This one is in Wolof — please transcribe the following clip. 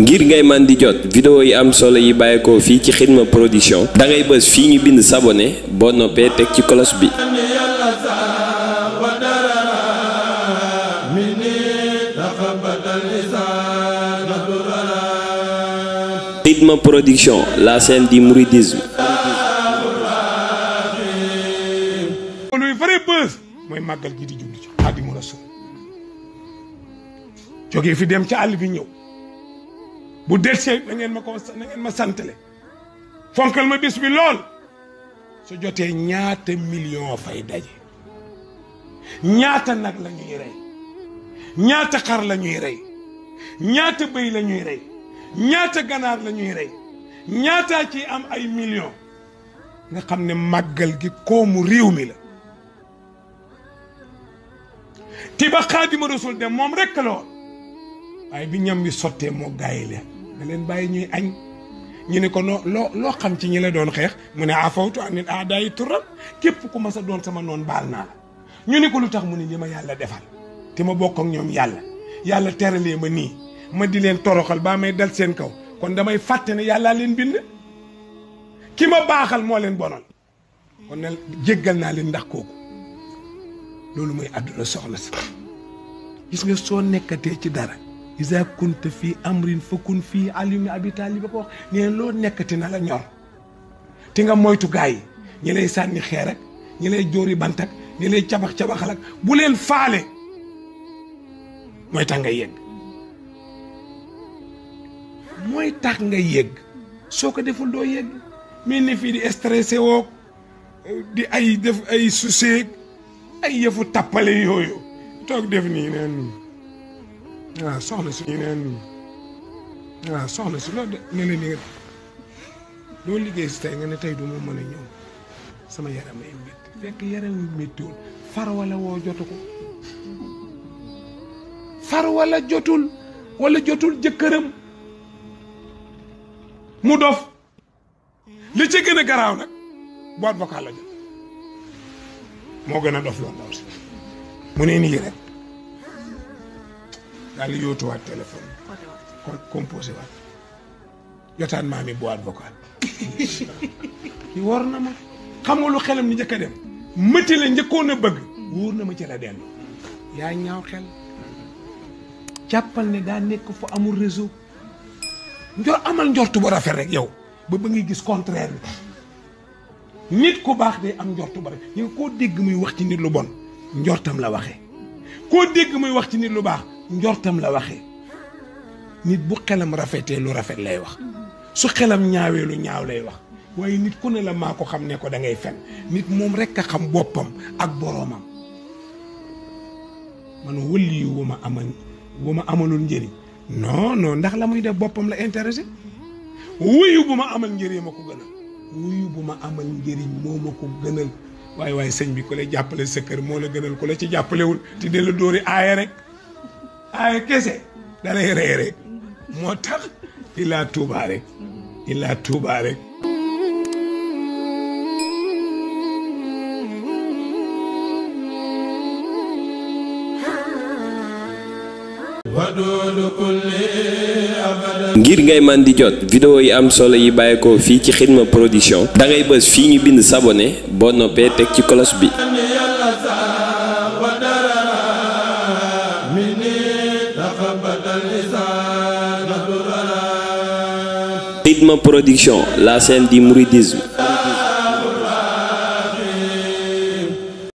ngir ngay man jot vidéo yi am solo yi bàyyeekoo fi ci Xidma Production da ngay Je suis ñu bind sabonné bo noppé tek ci cloche bi Xidma Production la scène du mouridisme lui vrai moy magal gi di ci joge fi dem ci àll bi ñëw bu delsé na ngeen ma ko na ngeen ma santale fonkal ma bis bi lool su joté ñaata million fay daje ñaata nak la ñuy rey ñaata xar la ñuy rey ñaata bëy la ñuy rey ñaata ganar la ñuy rey ñaata ci am ay million nga xamné magal màggal gi koomu réew mi la ti ba xaadima rasul dem mom rek la woon waaye bi ñam bi sottee moo gaay la nga leen bàyyi ñuy añ ñu ne ko noo loo loo xam ci ñi la doon xeex mu ne afawtu ah, anil aadaayi turam képp ku mas a doon sama noon baal naa la ñu ne ko lu tax mu ne li ma yàlla defal te ma bokk ñoom yàlla yàlla teralee ma nii ma di leen toroxal baa may dal seen kaw kon damay fàtte ne yàllaa leen bind ki ma baaxal moo leen bonal kon ne jéggal naa leen ndax kooku loolu mooy àdduna soxla si gis nga soo nekkatee ci dara isa kunta fii amrin fa kun fii alimi abi talib ba ko wax nee loo nekkati na la ñor ti nga moytu gaa yi ñi lay sànni xeer ak jóori bant ak ñi cabax-cabaxal ak bu leen faale mooy tax nga yegg mooy tax nga yegg soo ko deful doo yegg mais ne fii di stressé woo di ay def ay suseeg ay yëfu tappale yooyu toog def nii neen waaw ah, soxna si ñu neen waaw ah, soxna loolu de ne la ni doo liggéey si tey nga ne tey du ma mën a ñëw sama yaram ay métti fekk yaram yu méttiwul far wala woo jotu ko far walla jotul walla jotul jëkkëram mu dof li ci gën a garaaw nag boîte vocale la jot moo gën a dof loolu mu ne nii rek daal di yóotuwaat téléphone kon composé waat jotaan maa mi ki war na ma xam nga lu xelam ni njëkk a dem mëti la njëkkoon a bëgg wóor na ma ci la dellu yaa ñaaw xel jàppal ne daa nekk fu amul réseau njor amal njortu bu rafet rek yow ba ba ngay gis contraire bi nit ku baax day am njortu bu rafet ñu koo dégg muy wax ci nit lu bon njortam la waxe koo dégg muy wax ci nit lu baax njortam la waxe nit bu xelam rafeté lu rafet lay wax su xelam ñaawé lu ñaaw lay wax waye nit ku ne la mako ko xam ne ko da ngay fen nit mom rek ka xam bopam ak boromam man wulli wuma ma amal amalul njeri non non ndax la muy def bopam la intéressé wuyu buma amal njeri mako gëna wuyu buma amal njeri momako gënal way way señ bi ko lay jappalé sa kër mo la gënal ko la ci jappalé wul ti délu doori ayé rek aaya kese da lay rey motax moo tax illaa tuubaa rek illaa tuubaa rek ngir ngay man di jot vidéo yi am solo yi bàyyeekoo fi ci Xidma Production da ngay beus fi ñu bind s'abonner bo noppé tek ci cloche bi Production, la scène du mouridisme.